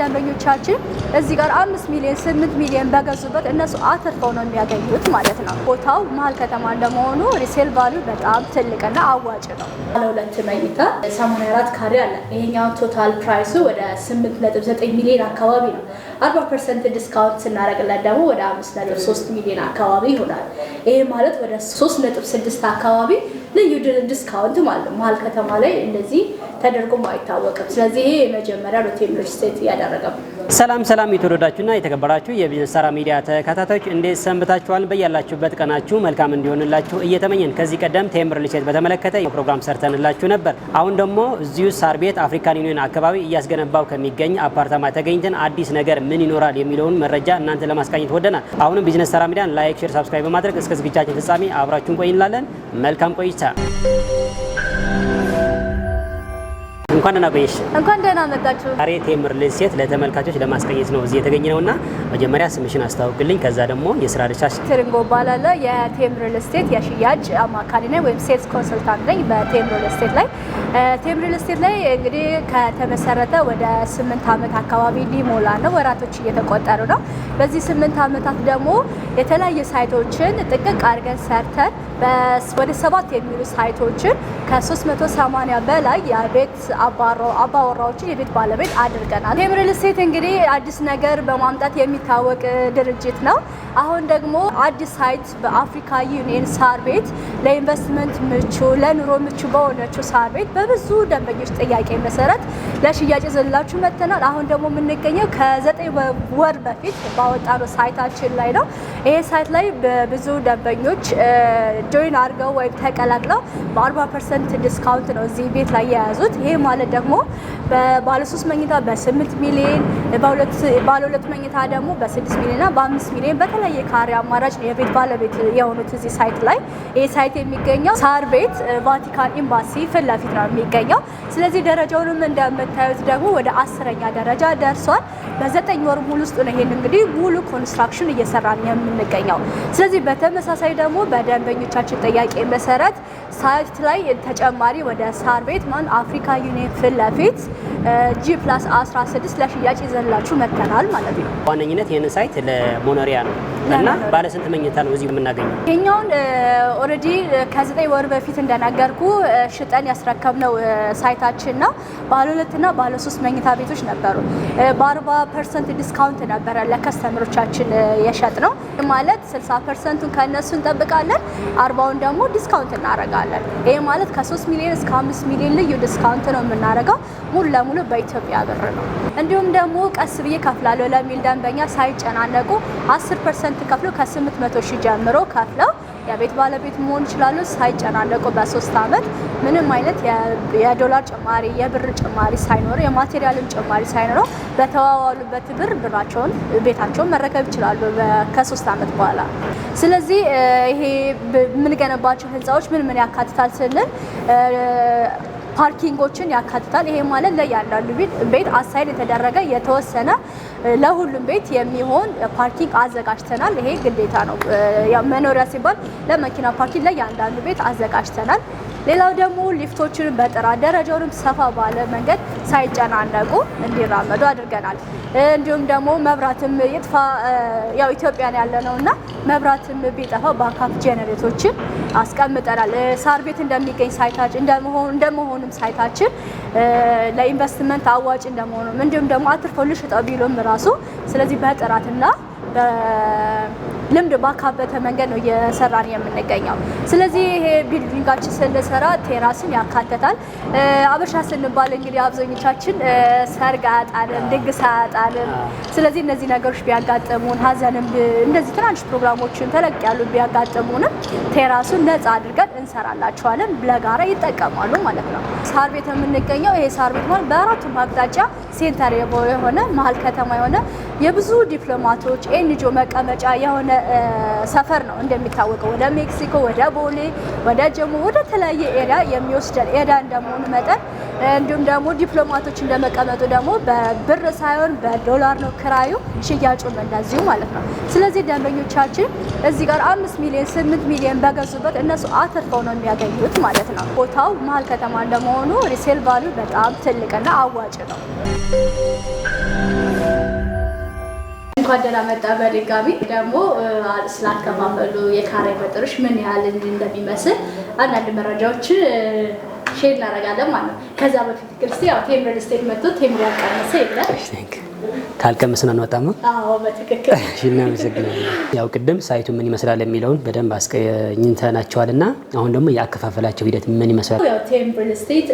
ደንበኞቻችን እዚህ ጋር አምስት ሚሊዮን ስምንት ሚሊዮን በገዙበት እነሱ አትርፈው ነው የሚያገኙት ማለት ነው። ቦታው መሀል ከተማ እንደመሆኑ ሪሴል ቫሉ በጣም ትልቅና አዋጭ ነው። ለሁለት መኝታ ሰማንያ አራት ካሬ አለ። ይሄኛው ቶታል ፕራይሱ ወደ ስምንት ነጥብ ዘጠኝ ሚሊዮን አካባቢ ነው። አርባ ፐርሰንት ዲስካውንት ስናደርግለት ደግሞ ወደ አምስት ነጥብ ሶስት ሚሊዮን አካባቢ ይሆናል። ይሄ ማለት ወደ ሶስት ነጥብ ስድስት አካባቢ ልዩ ዲስካውንት አለ መሀል ከተማ ላይ እንደዚህ ተደርጎም አይታወቅም። ስለዚህ ይሄ የመጀመሪያ ሎቴ ሪል ስቴት እያደረገ ሰላም ሰላም የተወደዳችሁና የተከበራችሁ የቢዝነስ ተራ ሚዲያ ተከታታዮች እንዴት ሰንብታችኋል? በያላችሁበት ቀናችሁ መልካም እንዲሆንላችሁ እየተመኘን ከዚህ ቀደም ቴምር ልሴት በተመለከተ ፕሮግራም ሰርተንላችሁ ነበር። አሁን ደግሞ እዚሁ ሳር ቤት አፍሪካን ዩኒዮን አካባቢ እያስገነባው ከሚገኝ አፓርታማ ተገኝተን አዲስ ነገር ምን ይኖራል የሚለውን መረጃ እናንተ ለማስቃኘት ወደናል። አሁንም ቢዝነስ ተራ ሚዲያን ላይክ፣ ሼር፣ ሳብስክራይብ በማድረግ እስከ ዝግጅታችን ፍጻሜ አብራችሁን ቆይ እንላለን። መልካም ቆይታ እንኳን ደህና ቆየሽ። እንኳን ደህና መጣችሁ። ዛሬ ቴምር ሪል ለተመልካቾች ለማስቀኘት ነው እዚህ የተገኘ ነው እና መጀመሪያ ስምሽን አስተውቅልኝ ከዛ ደግሞ የስራ ድርሻሽ። ትርንጎ እባላለሁ። የቴምር ሪል ስቴት የሽያጭ አማካሪ ነኝ ወይም ሴልስ ኮንሰልታንት ነኝ በቴምር ሪል ላይ። ቴምር ሪል ላይ እንግዲህ ከተመሰረተ ወደ ስምንት ዓመት አካባቢ ሊሞላ ነው፣ ወራቶች እየተቆጠሩ ነው። በዚህ ስምንት ዓመታት ደግሞ የተለያየ ሳይቶችን ጥቅቅ አድርገን ሰርተን ወደ ሰባት የሚሉ ሳይቶችን ከ380 በላይ የቤት አባወራዎችን የቤት ባለቤት አድርገናል። ቴምር ሪል ስቴት እንግዲህ አዲስ ነገር በማምጣት የሚታወቅ ድርጅት ነው። አሁን ደግሞ አዲስ ሳይት በአፍሪካ ዩኒየን ሳር ቤት ለኢንቨስትመንት ምቹ፣ ለኑሮ ምቹ በሆነችው ሳር ቤት በብዙ ደንበኞች ጥያቄ መሰረት ለሽያጭ ይዘንላችሁ መጥተናል። አሁን ደግሞ የምንገኘው ከዘጠኝ ወር በፊት ባወጣነው ሳይታችን ላይ ነው። ይሄ ሳይት ላይ በብዙ ደንበኞች ጆይን አድርገው ወይም ተቀላቅለው በአርባ ፐርሰንት ዲስካውንት ነው እዚህ ቤት ላይ የያዙት። ይሄ ማለት ደግሞ ባለሶስት መኝታ በስምንት ሚሊዮን ባለሁለት መኝታ ደግሞ በስድስት ሚሊዮንና በአምስት ሚሊዮን በተለ የተለያየ ካሬ አማራጭ የቤት ባለቤት የሆኑት እዚህ ሳይት ላይ ይህ ሳይት የሚገኘው ሳር ቤት ቫቲካን ኤምባሲ ፊት ለፊት ነው የሚገኘው። ስለዚህ ደረጃውንም እንደምታዩት ደግሞ ወደ አስረኛ ደረጃ ደርሷል። በዘጠኝ ወር ሙሉ ውስጥ ነው ይሄን እንግዲህ ሙሉ ኮንስትራክሽን እየሰራ የምንገኘው። ስለዚህ በተመሳሳይ ደግሞ በደንበኞቻችን ጥያቄ መሰረት ሳይት ላይ ተጨማሪ ወደ ሳር ቤት ማን አፍሪካ ዩኒየን ፊት ለፊት ጂ ፕላስ 16 ለሽያጭ ይዘላችሁ መጥተናል ማለት ነው። በዋነኝነት ይህንን ሳይት ለሞኖሪያ ነው እና ባለ ስንት መኝታ ነው እዚህ የምናገኘው? ይሄኛውን ኦልሬዲ ከዘጠኝ ወር በፊት እንደነገርኩ ሽጠን ያስረከብነው ሳይታችን ነው። ባለ ሁለትና ባለ ሶስት መኝታ ቤቶች ነበሩ። በአርባ ፐርሰንት ዲስካውንት ነበረ ለከስተምሮቻችን የሸጥ ነው ማለት 60 ፐርሰንቱን ከእነሱ እንጠብቃለን፣ አርባውን ደግሞ ዲስካውንት እናደርጋለን። ይህ ማለት ከ3 ሚሊዮን እስከ 5 ሚሊዮን ልዩ ዲስካውንት ነው የምናደርገው ሙሉ ለሙሉ በኢትዮጵያ ብር ነው። እንዲሁም ደግሞ ቀስ ብዬ ከፍላለሁ ለሚል ደንበኛ ሳይጨናነቁ 10 ፐርሰንት ከፍሎ ከ800 ሺህ ጀምሮ ከፍለው የቤት ባለቤት መሆን ይችላሉ ሳይጨናነቁ በሶስት አመት ምንም አይነት የዶላር ጭማሪ፣ የብር ጭማሪ ሳይኖረው የማቴሪያልም ጭማሪ ሳይኖረው በተዋዋሉበት ብር ብራቸውን ቤታቸውን መረከብ ይችላሉ ከሶስት አመት በኋላ። ስለዚህ ይሄ የምንገነባቸው ህንፃዎች ምን ምን ያካትታል ስንል ፓርኪንጎችን ያካትታል። ይሄ ማለት ለያንዳንዱ ቤት አሳይድ የተደረገ የተወሰነ ለሁሉም ቤት የሚሆን ፓርኪንግ አዘጋጅተናል። ይሄ ግዴታ ነው። መኖሪያ ሲባል ለመኪና ፓርኪንግ ላይ የአንዳንዱ ቤት አዘጋጅተናል። ሌላው ደግሞ ሊፍቶችንም በጥራት ደረጃውንም ሰፋ ባለ መንገድ ሳይጨናነቁ እንዲራመዱ አድርገናል። እንዲሁም ደግሞ መብራትም ይጥፋ ያው ኢትዮጵያን ያለ ነው እና መብራትም ቢጠፋ ባካፕ ጄኔሬቶችን አስቀምጠናል። ሳር ቤት እንደሚገኝ ሳይታችን እንደመሆኑም ሳይታችን ለኢንቨስትመንት አዋጭ እንደመሆኑም እንዲሁም ደግሞ አትርፈው ልሽጠው ቢሎም ራሱ። ስለዚህ በጥራትና ልምድ ባካበተ መንገድ ነው እየሰራን የምንገኘው። ስለዚህ ይሄ ቢልዲንጋችን ስንሰራ ቴራስን ያካተታል። አበሻ ስንባል እንግዲህ አብዛኞቻችን ሰርግ አያጣንም፣ ድግስ አያጣንም። ስለዚህ እነዚህ ነገሮች ቢያጋጥሙን፣ ሀዘንም እንደዚህ ትናንሽ ፕሮግራሞችን ተለቅ ያሉ ቢያጋጥሙንም ቴራሱን ነፃ አድርገን እንሰራላቸዋለን። ለጋራ ይጠቀማሉ ማለት ነው። ሳር ቤት የምንገኘው ይሄ ሳር ቤት ማለት በአራቱም አቅጣጫ ሴንተር የሆነ መሀል ከተማ የሆነ የብዙ ዲፕሎማቶች ኤንጂኦ መቀመጫ የሆነ ሰፈር ነው። እንደሚታወቀው ወደ ሜክሲኮ፣ ወደ ቦሌ፣ ወደ ጀሞ፣ ወደ ተለያየ ኤሪያ የሚወስደን ኤዳ እንደመሆኑ መጠን እንዲሁም ደግሞ ዲፕሎማቶች እንደመቀመጡ ደግሞ በብር ሳይሆን በዶላር ነው ክራዩ፣ ሽያጩም እንደዚሁ ማለት ነው። ስለዚህ ደንበኞቻችን እዚህ ጋር አምስት ሚሊዮን ስምንት ሚሊዮን በገዙበት እነሱ አትርፈው ነው የሚያገኙት ማለት ነው። ቦታው መሀል ከተማ እንደመሆኑ ሪሴል ቫሉ በጣም ትልቅና አዋጭ ነው። እንኳን ደህና መጣ። በድጋሚ ደግሞ ስላከፋፈሉ የካሬ ቁጥሮች ምን ያህል እንደሚመስል አንዳንድ መረጃዎች ሼር እናደርጋለን ማለት ነው። ከዛ በፊት ክርስቲ ያው ቴምር ስቴት መጥቶ ቴምር ያቀመሰ የለም ካልቀመስን አንወጣም። አዎ በትክክል እናመሰግናለን። ያው ቅድም ሳይቱ ምን ይመስላል የሚለውን በደንብ አስቀኝተናቸዋል አስቀኝተናቸዋልና አሁን ደግሞ የአከፋፈላቸው ሂደት ምን ይመስላል? ያው ቴምር ሪል እስቴት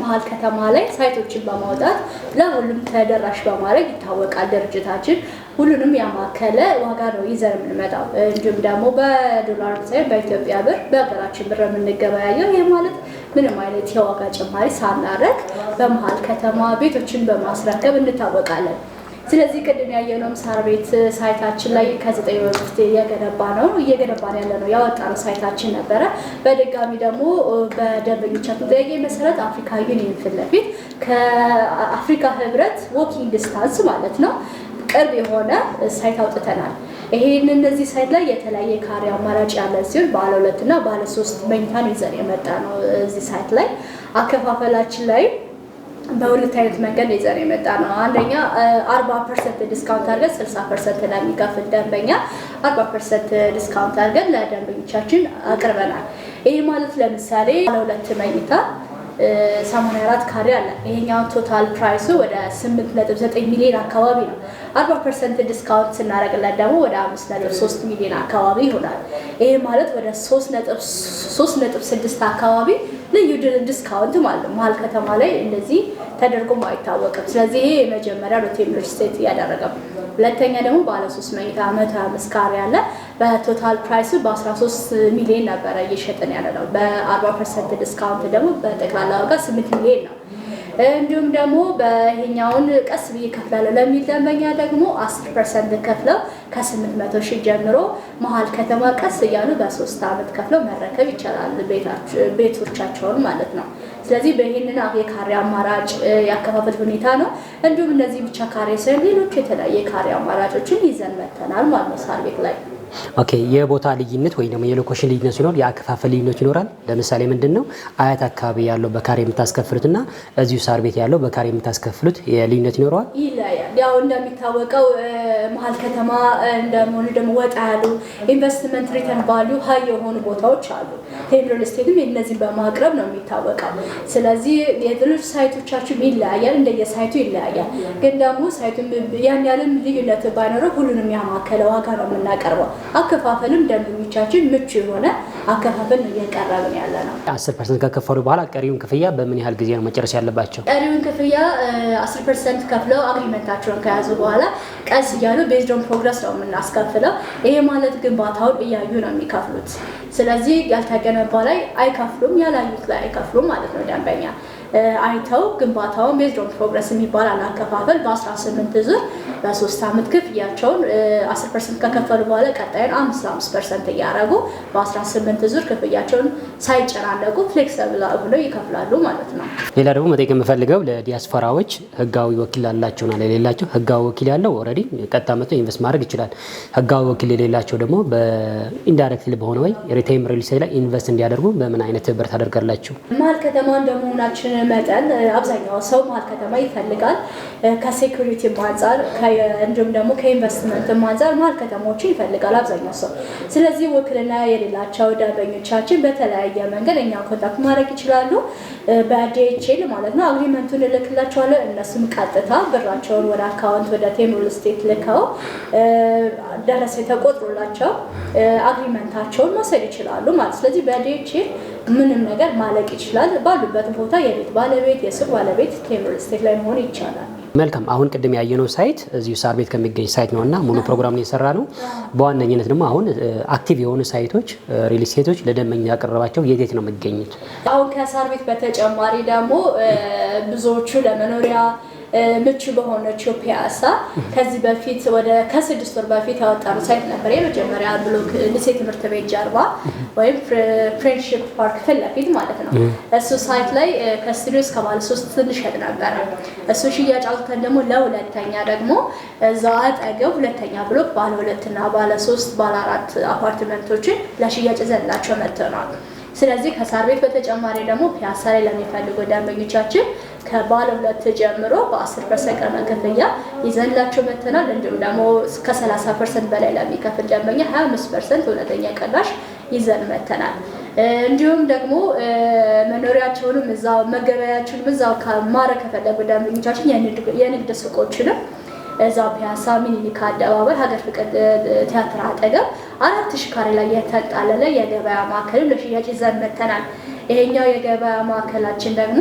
መሀል ከተማ ላይ ሳይቶችን በማውጣት ለሁሉም ተደራሽ በማድረግ ይታወቃል ድርጅታችን። ሁሉንም ያማከለ ዋጋ ነው ይዘን የምንመጣው። እንዲሁም ደግሞ በዶላር ሳይሆን በኢትዮጵያ ብር፣ በሀገራችን ብር የምንገበያየው። ይህ ማለት ምንም አይነት የዋጋ ጭማሪ ሳናረግ በመሀል ከተማ ቤቶችን በማስረከብ እንታወቃለን። ስለዚህ ቅድም ያየነውም ሳር ቤት ሳይታችን ላይ ከዘጠኝ ወር ውስጥ እየገነባ ነው እየገነባ ያለ ነው ያወጣነው ሳይታችን ነበረ። በድጋሚ ደግሞ በደንበኞቻችን ጥያቄ መሰረት አፍሪካ ዩኒየን ፊት ለፊት ከአፍሪካ ህብረት ዎኪንግ ዲስታንስ ማለት ነው ቅርብ የሆነ ሳይት አውጥተናል። ይሄን እነዚህ ሳይት ላይ የተለያየ ካሬ አማራጭ ያለ ሲሆን ባለ ሁለት እና ባለ ሶስት መኝታን ይዘን የመጣ ነው። እዚህ ሳይት ላይ አከፋፈላችን ላይ በሁለት አይነት መንገድ ይዘን የመጣ ነው። አንደኛ አርባ ፐርሰንት ዲስካውንት አድርገን ስልሳ ፐርሰንት ለሚከፍል ደንበኛ አርባ ፐርሰንት ዲስካውንት አድርገን ለደንበኞቻችን አቅርበናል። ይህ ማለት ለምሳሌ ባለ ሁለት መኝታ 84 ካሬ አለ። ይሄኛው ቶታል ፕራይሱ ወደ 8.9 ሚሊዮን አካባቢ ነው። 40 ፐርሰንት ዲስካውንት ስናደርግለት ደግሞ ወደ 5.3 ሚሊዮን አካባቢ ይሆናል። ይህ ማለት ወደ 3.6 አካባቢ ልዩ ዲስካውንት ማለት መሀል ከተማ ላይ እንደዚህ ተደርጎም አይታወቅም። ስለዚህ ይሄ የመጀመሪያ ሎቴ ሪል ስቴት እያደረገ ነው። ሁለተኛ ደግሞ ባለ ሶስት መኝታ መቶ ሀያ አለ። በቶታል ፕራይስ በ13 ሚሊዮን ነበረ እየሸጥን ያለ ነው። በ40 ፐርሰንት ዲስካውንት ደግሞ በጠቅላላ ዋጋ 8 ሚሊዮን ነው። እንዲሁም ደግሞ በይሄኛውን ቀስ ብዬ ከፍላለሁ ለሚል ደንበኛ ደግሞ 10 ፐርሰንት ከፍለው ከ800 ሺህ ጀምሮ መሀል ከተማ ቀስ እያሉ በሶስት ዓመት ከፍለው መረከብ ይቻላል ቤቶቻቸውን ማለት ነው። ስለዚህ በይህንን የካሬ አማራጭ ያከፋፈል ሁኔታ ነው። እንዲሁም እነዚህ ብቻ ካሬ ሳይሆን ሌሎች የተለያየ የካሬ አማራጮችን ይዘን መተናል ማለት ነው ሳር ቤት ላይ ኦኬ የቦታ ልዩነት ወይ ደግሞ የሎኬሽን ልዩነት ሲኖር የአከፋፈል ልዩነት ይኖራል። ለምሳሌ ምንድን ነው አያት አካባቢ ያለው በካሬ የምታስከፍሉት እና እዚሁ ሳር ቤት ያለው በካሬ የምታስከፍሉት ልዩነት ይኖረዋል። ያው እንደሚታወቀው መሀል ከተማ እንደመሆኑ ደግሞ ወጣ ያሉ ኢንቨስትመንት ሪተርን ባሉ ሀይ የሆኑ ቦታዎች አሉ። ቴምሪል ስቴትም እነዚህን በማቅረብ ነው የሚታወቀው። ስለዚህ የሌሎች ሳይቶቻችን ይለያያል፣ እንደየሳይቱ ይለያያል። ግን ደግሞ ሳይቱ ያን ያለም ልዩነት ባይኖረው ሁሉንም ያማከለ ዋጋ ነው የምናቀርበው። አከፋፈልም ደንበኞቻችን ምቹ የሆነ አከፋፈል እያቀረብን ያለ ነው። አስር ፐርሰንት ከከፈሉ በኋላ ቀሪውን ክፍያ በምን ያህል ጊዜ ነው መጨረስ ያለባቸው? ቀሪውን ክፍያ አስር ፐርሰንት ከፍለው አግሪመንታቸውን ከያዙ በኋላ ቀስ እያሉ ቤዝዶን ፕሮግረስ ነው የምናስከፍለው። ይሄ ማለት ግንባታውን እያዩ ነው የሚከፍሉት። ስለዚህ ያልተገነባ ላይ አይከፍሉም፣ ያላዩት ላይ አይከፍሉም ማለት ነው ደንበኛ አይተው ግንባታውን ቤዝዶን ፕሮግረስ የሚባል አላከፋፈል በ18 ዙር በሶስት ዓመት ክፍያቸውን 10 ፐርሰንት ከከፈሉ በኋላ ቀጣዩን 55 ፐርሰንት እያደረጉ በ18 ዙር ክፍያቸውን ሳይጨናነቁ ፍሌክሰብል ብለው ይከፍላሉ ማለት ነው። ሌላ ደግሞ መጠየቅ የምፈልገው ለዲያስፖራዎች ህጋዊ ወኪል አላቸውና ለሌላቸው ህጋዊ ወኪል ያለው ኦልሬዲ ቀጥታ መጥቶ ኢንቨስት ማድረግ ይችላል። ህጋዊ ወኪል የሌላቸው ደግሞ በኢንዳይሬክት በሆነ ወይ ሪቴም ሪሊስ ላይ ኢንቨስት እንዲያደርጉ በምን አይነት ብር ታደርጋላችሁ? መሀል ከተማ እንደመሆናችን መጠን አብዛኛው ሰው መሀል ከተማ ይፈልጋል። ከሴኩሪቲ አንጻር እንዲሁም ደግሞ ከኢንቨስትመንት አንጻር መሀል ከተሞችን ይፈልጋል አብዛኛው ሰው። ስለዚህ ውክልና የሌላቸው ደንበኞቻችን በተለያዩ በተለያየ መንገድ እኛ ኮንታክት ማድረግ ይችላሉ። በዲኤችኤል ማለት ነው። አግሪመንቱን እልክላቸዋለን። እነሱም ቀጥታ ብራቸውን ወደ አካውንት ወደ ቴም ስቴት ልከው ደረስ የተቆጥሮላቸው አግሪመንታቸውን መውሰድ ይችላሉ ማለት ስለዚህ በዲኤችኤል ምንም ነገር ማለቅ ይችላል። ባሉበት ቦታ የቤት ባለቤት የስር ባለቤት ቴም ስቴት ላይ መሆን ይቻላል። መልካም አሁን ቅድም ያየነው ሳይት እዚሁ ሳር ቤት ከሚገኝ ሳይት ነው እና ሙሉ ፕሮግራም ነው የሰራ ነው። በዋነኝነት ደግሞ አሁን አክቲቭ የሆኑ ሳይቶች ሪል ስቴቶች ለደንበኛ ያቀረባቸው የት የት ነው የሚገኙት? አሁን ከሳር ቤት በተጨማሪ ደግሞ ብዙዎቹ ለመኖሪያ ምቹ በሆነችው ፒያሳ ከዚህ በፊት ወደ ከስድስት ወር በፊት ያወጣነው ሳይት ነበር። የመጀመሪያ ብሎክ ልሴ ትምህርት ቤት ጀርባ ወይም ፍሬንድሽፕ ፓርክ ፊት ለፊት ማለት ነው። እሱ ሳይት ላይ ከስቱዲዮ እስከ ባለ ሶስት እንሸጥ ነበረ። እሱ ሽያጭ አውጥተን ደግሞ ለሁለተኛ ደግሞ እዛ አጠገብ ሁለተኛ ብሎክ ባለ ሁለትና ባለ ሶስት ባለ አራት አፓርትመንቶችን ለሽያጭ ዘንላቸው መጥተናል። ስለዚህ ከሳር ቤት በተጨማሪ ደግሞ ፒያሳ ላይ ለሚፈልጉ ደንበኞቻችን ከባለ ሁለት ጀምሮ በ10 ፐርሰንት ቅድመ ክፍያ ይዘንላቸው መጥተናል። እንዲሁም ደግሞ ከ30 ፐርሰንት በላይ ለሚከፍል ደንበኛ 25 ፐርሰንት እውነተኛ ቅናሽ ይዘን መጥተናል። እንዲሁም ደግሞ መኖሪያቸውንም እዛው መገበያቸውንም እዛው ማረ ከፈለጉ ደንበኞቻችን የንግድ ሱቆችንም እዛ ፒያሳ ሚኒሊክ አደባባይ ሀገር ፍቅር ቲያትር አጠገብ አራት ሺህ ካሬ ላይ የተንጣለለ የገበያ ማዕከልን ለሽያጭ ይዘን መጥተናል። ይሄኛው የገበያ ማዕከላችን ደግሞ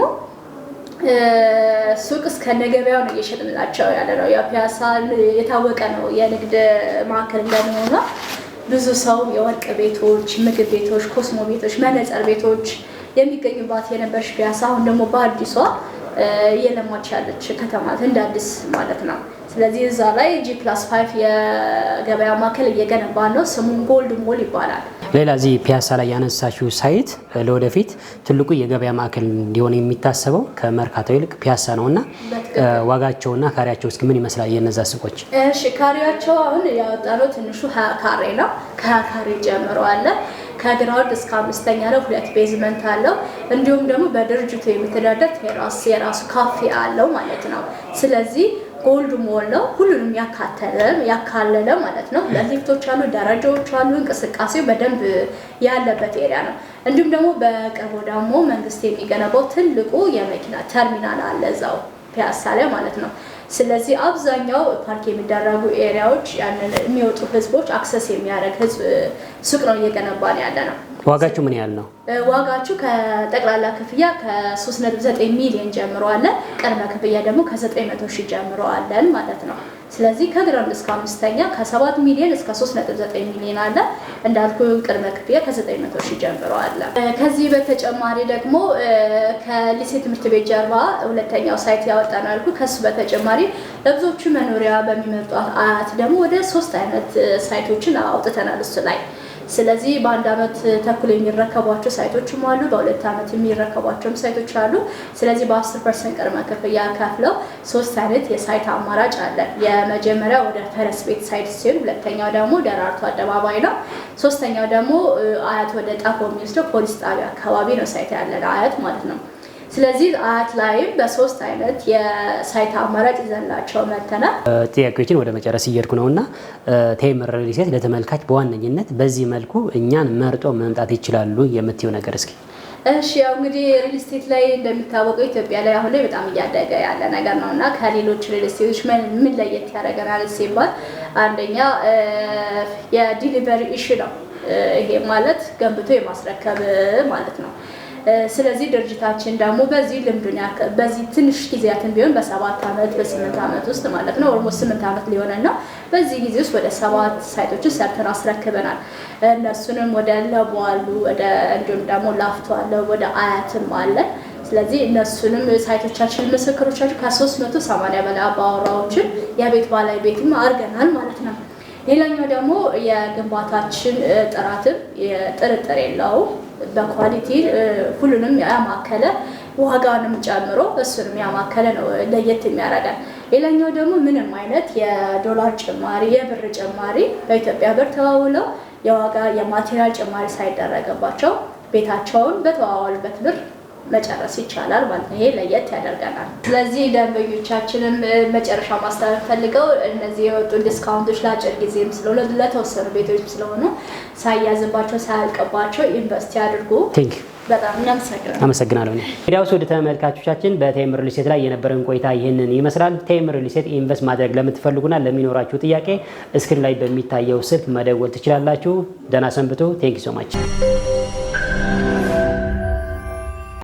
ሱቅ እስከ ነገበያው ነው እየሸጥንላቸው ያለ ነው። ያው ፒያሳ የታወቀ ነው የንግድ ማዕከል እንደመሆኑ ብዙ ሰው የወርቅ ቤቶች፣ ምግብ ቤቶች፣ ኮስሞ ቤቶች፣ መነፀር ቤቶች የሚገኙባት የነበረች ፒያሳ አሁን ደግሞ በአዲሷ እየለማች ያለች ከተማ እንደ አዲስ ማለት ነው። ስለዚህ እዛ ላይ ጂ ፕላስ ፋይቭ የገበያ ማዕከል እየገነባ ነው። ስሙን ጎልድ ሞል ይባላል። ሌላ እዚህ ፒያሳ ላይ ያነሳችው ሳይት ለወደፊት ትልቁ የገበያ ማዕከል እንዲሆን የሚታሰበው ከመርካቶ ይልቅ ፒያሳ ነው እና ዋጋቸውና ካሬያቸው እስኪ ምን ይመስላል? የነዛ ስቆች እሺ፣ ካሬያቸው አሁን ያወጣነው ትንሹ ሀያ ካሬ ነው። ከሀያ ካሬ ጀምሮ አለ ከግራውንድ እስከ አምስተኛ ነው። ሁለት ቤዝመንት አለው። እንዲሁም ደግሞ በድርጅቱ የሚተዳደር ቴራስ የራሱ ካፌ አለው ማለት ነው። ስለዚህ ጎልድ ሞል ነው። ሁሉንም ያካለለ ማለት ነው። ለሊፍቶች አሉ፣ ደረጃዎች አሉ። እንቅስቃሴው በደንብ ያለበት ኤሪያ ነው። እንዲሁም ደግሞ በቅርቡ ደግሞ መንግስት የሚገነባው ትልቁ የመኪና ተርሚናል አለ እዛው ፒያሳ ላይ ማለት ነው። ስለዚህ አብዛኛው ፓርክ የሚደረጉ ኤሪያዎች ያንን የሚወጡ ህዝቦች አክሰስ የሚያደርግ ሱቅ ነው እየገነባን ያለ ነው። ዋጋቸው ምን ያህል ነው? ዋጋቸው ከጠቅላላ ክፍያ ከ3.9 ሚሊዮን ጀምሮ አለ። ቅድመ ክፍያ ደግሞ ከ900 ሺህ ጀምሮ አለን ማለት ነው። ስለዚህ ከግራንድ እስከ አምስተኛ ከ7 ሚሊዮን እስከ 3.9 ሚሊዮን አለ። እንዳልኩ ቅድመ ክፍያ ከ900 ሺህ ጀምሮ አለ። ከዚህ በተጨማሪ ደግሞ ከሊሴ ትምህርት ቤት ጀርባ ሁለተኛው ሳይት ነው ያልኩ። ከሱ በተጨማሪ ለብዙዎቹ መኖሪያ በሚመጡ አያት ደግሞ ወደ ሶስት አይነት ሳይቶችን አውጥተናል እሱ ላይ ስለዚህ በአንድ ዓመት ተኩል የሚረከቧቸው ሳይቶችም አሉ። በሁለት ዓመት የሚረከቧቸውም ሳይቶች አሉ። ስለዚህ በአስር ፐርሰንት ቅድመ ክፍያ ከፍለው ሶስት አይነት የሳይት አማራጭ አለ። የመጀመሪያ ወደ ፈረስ ቤት ሳይት ሲሆን፣ ሁለተኛው ደግሞ ደራርቱ አደባባይ ነው። ሶስተኛው ደግሞ አያት ወደ ጣፎ የሚወስደው ፖሊስ ጣቢያ አካባቢ ነው ሳይት ያለን አያት ማለት ነው። ስለዚህ አያት ላይም በሶስት አይነት የሳይት አማራጭ ይዘላቸው መተና። ጥያቄዎችን ወደ መጨረስ እየሄድኩ ነው እና ቴምር ሪል ስቴት ለተመልካች በዋነኝነት በዚህ መልኩ እኛን መርጦ መምጣት ይችላሉ የምትየው ነገር እስኪ እሺ ያው እንግዲህ ሪል ስቴት ላይ እንደሚታወቀው ኢትዮጵያ ላይ አሁን ላይ በጣም እያደገ ያለ ነገር ነው እና ከሌሎች ሪል ስቴቶች ምን ለየት ያደረገናል ሲባል አንደኛ የዲሊቨሪ ኢሹ ነው። ይሄ ማለት ገንብቶ የማስረከብ ማለት ነው። ስለዚህ ድርጅታችን ደግሞ በዚህ ልምዱን በዚህ ትንሽ ጊዜያትን ቢሆን በሰባት ዓመት በስምንት ዓመት ውስጥ ማለት ነው ኦልሞስት ስምንት ዓመት ሊሆነን ነው። በዚህ ጊዜ ውስጥ ወደ ሰባት ሳይቶችን ሰርተን አስረክበናል። እነሱንም ወደ ለቡ አሉ፣ ወደ እንዲሁም ደግሞ ላፍቶ አለ፣ ወደ አያትም አለ። ስለዚህ እነሱንም ሳይቶቻችን ምስክሮቻችን ከሶስት መቶ ሰማንያ በላይ አባወራዎችን የቤት ባላይ ቤትም አድርገናል ማለት ነው። ሌላኛው ደግሞ የግንባታችን ጥራትም ጥርጥር የለውም። በኳሊቲ ሁሉንም ያማከለ ዋጋንም ጨምሮ እሱንም ያማከለ ነው ለየት የሚያደርጋል። ሌላኛው ደግሞ ምንም አይነት የዶላር ጭማሪ፣ የብር ጭማሪ በኢትዮጵያ ብር ተዋውለው የዋጋ የማቴሪያል ጭማሪ ሳይደረግባቸው ቤታቸውን በተዋዋሉበት ብር መጨረስ ይቻላል ማለት ነው። ይሄ ለየት ያደርገናል። ስለዚህ ደንበኞቻችንም መጨረሻ ማስተላለፍ ፈልገው እነዚህ የወጡ ዲስካውንቶች ለአጭር ጊዜም ስለሆነ ለተወሰኑ ቤቶች ስለሆኑ ሳያዝባቸው ሳያልቅባቸው ኢንቨስቲ አድርጉ። በጣም አመሰግናለሁ። እንግዲያውስ ወደ ተመልካቾቻችን በቴምር ሪል ላይ የነበረን ቆይታ ይህንን ይመስላል። ቴምር ሪል ኢንቨስት ማድረግ ለምትፈልጉና ለሚኖራችሁ ጥያቄ እስክሪን ላይ በሚታየው ስልክ መደወል ትችላላችሁ። ደህና ሰንብቶ። ቴንክ ሶ ማች